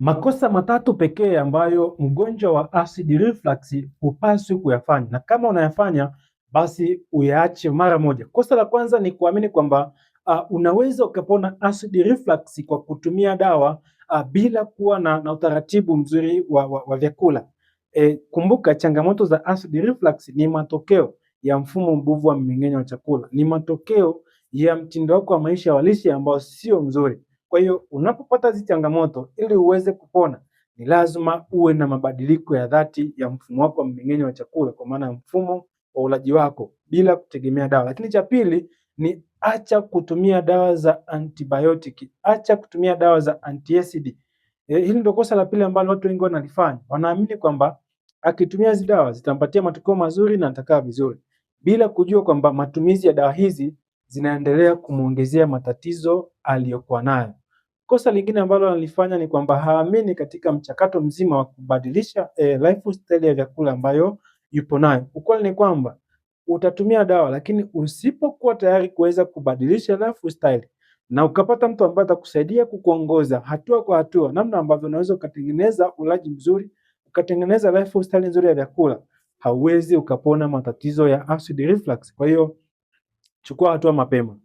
Makosa matatu pekee ambayo mgonjwa wa acid reflux hupaswi kuyafanya, na kama unayafanya basi uyaache mara moja. Kosa la kwanza ni kuamini kwamba uh, unaweza ukapona acid reflux kwa kutumia dawa uh, bila kuwa na, na utaratibu mzuri wa, wa, wa vyakula. E, kumbuka changamoto za acid reflux ni matokeo ya mfumo mbovu wa mmeng'enyo wa chakula, ni matokeo ya mtindo wako wa maisha wa lishe ambao sio mzuri. Kwa hiyo unapopata hizi changamoto, ili uweze kupona, ni lazima uwe na mabadiliko ya dhati ya mfumo wako wa mmeng'enyo wa chakula, kwa maana ya mfumo wa ulaji wako bila kutegemea dawa. Lakini cha pili ni acha kutumia dawa za antibiotic, acha kutumia dawa za antiacid. E, hili ndio kosa la pili ambalo watu wengi wanalifanya. Wanaamini kwamba akitumia hizi dawa zitampatia matokeo mazuri na atakaa vizuri, bila kujua kwamba matumizi ya dawa hizi zinaendelea kumwongezea matatizo aliyokuwa nayo. Kosa lingine ambalo analifanya ni kwamba haamini katika mchakato mzima wa kubadilisha eh, lifestyle ya vyakula ambayo yupo nayo. Ukweli ni kwamba utatumia dawa, lakini usipokuwa tayari kuweza kubadilisha lifestyle na ukapata mtu ambaye atakusaidia kukuongoza hatua kwa hatua, namna ambavyo unaweza ukatengeneza ulaji mzuri, ukatengeneza lifestyle nzuri ya vyakula, hauwezi ukapona matatizo ya acid reflux. Kwa hiyo chukua hatua mapema.